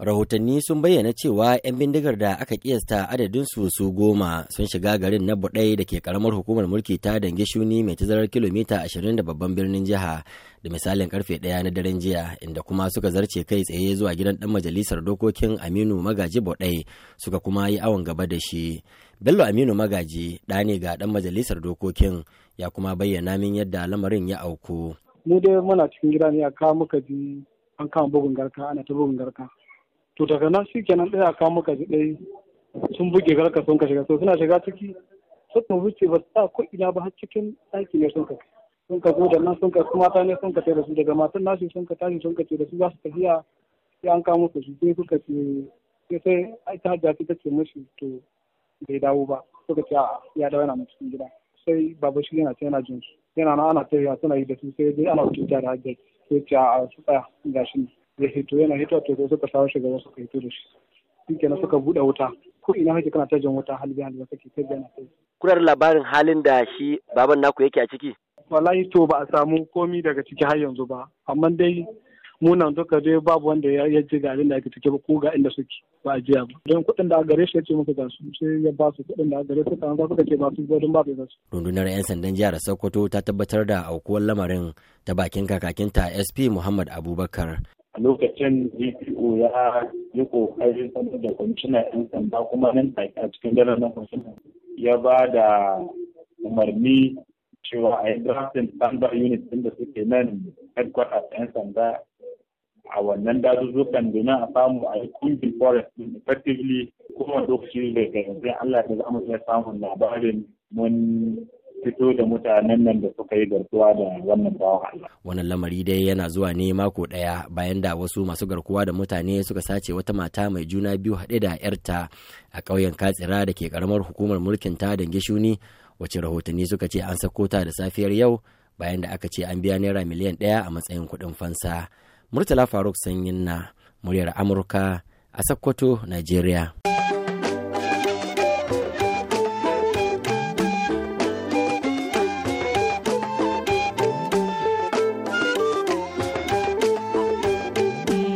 rahotanni sun bayyana cewa 'yan bindigar da aka kiyasta adadin su su goma sun shiga garin na buɗai da ke karamar hukumar mulki ta dange shuni mai tazarar kilomita 20 da babban birnin jiha da misalin karfe daya na daren jiya inda kuma suka zarce kai tsaye zuwa gidan ɗan majalisar dokokin aminu magaji budai suka kuma yi awon gaba da shi bello aminu magaji ɗa ne ga dan majalisar dokokin ya kuma bayyana min yadda lamarin ya auku mu dai muna cikin gida ne a kawo muka ji an kama bugun garka ana ta bugun garka to daga nan shi kenan ɗaya a kawo maka ɗai sun buge garka sun ka shiga to suna shiga ciki suka wuce ba sa ko ina ba har cikin ɗaki ne sun ka sun ka zo da nan sun ka su mata ne sun ka tare da su daga matan nasu sun ka tashi sun ka ce da su za su tafiya sai an kamo su sai suka ce sai sai ai ta hajja ta ce mashi to bai dawo ba suka ce ya dawo yana cikin gida sai baba shi yana yana jin su yana na ana tafiya suna yi da su sai dai ana cuta da hajja sai ce a su tsaya gashi ne ya hito yana hito to sai suka sawo shugaba suka hito da shi kenan suka buɗe wuta ko ina kake kana tajin wuta halbi halbi kake tajin na tajin kurar labarin halin da shi baban naku yake a ciki wallahi to ba a samu komi daga ciki har yanzu ba amma dai munan duka dai babu wanda ya ji ga abin da ake cike ba ko ga inda suke ba a jiya ba don kuɗin da gare shi ya ce musu ga su sai ya ba su kuɗin da gare su kan suka ce ba su don ba su rundunar yan sandan jihar Sokoto ta tabbatar da aukuwar lamarin ta bakin kakakinta SP Muhammad Abubakar a lokacin dpo ya yi kokarin sanar da kwamishina yan sanda kuma nan a cikin daren nan kwamishina ya ba da umarni cewa a yi drafting standard unit ɗin da suke nan headquarters yan sanda a wannan dazuzzukan domin a samu a yi kungin forest din effectively kuma lokaci da yanzu Allah ya za mu iya samun labarin mun fito da mutanen nan da suka yi garkuwa da wannan bawan Allah. Wannan lamari dai yana zuwa ne mako ɗaya bayan da wasu masu garkuwa da mutane suka sace wata mata mai juna biyu haɗe da 'yarta a ƙauyen Katsira da ke ƙaramar hukumar mulkin ta da Gishuni wacce rahotanni suka ce an sako ta da safiyar yau bayan da aka ce an biya naira miliyan ɗaya a matsayin kuɗin fansa. Murtala Faruk Sanyin na muryar Amurka a Sokoto, Najeriya.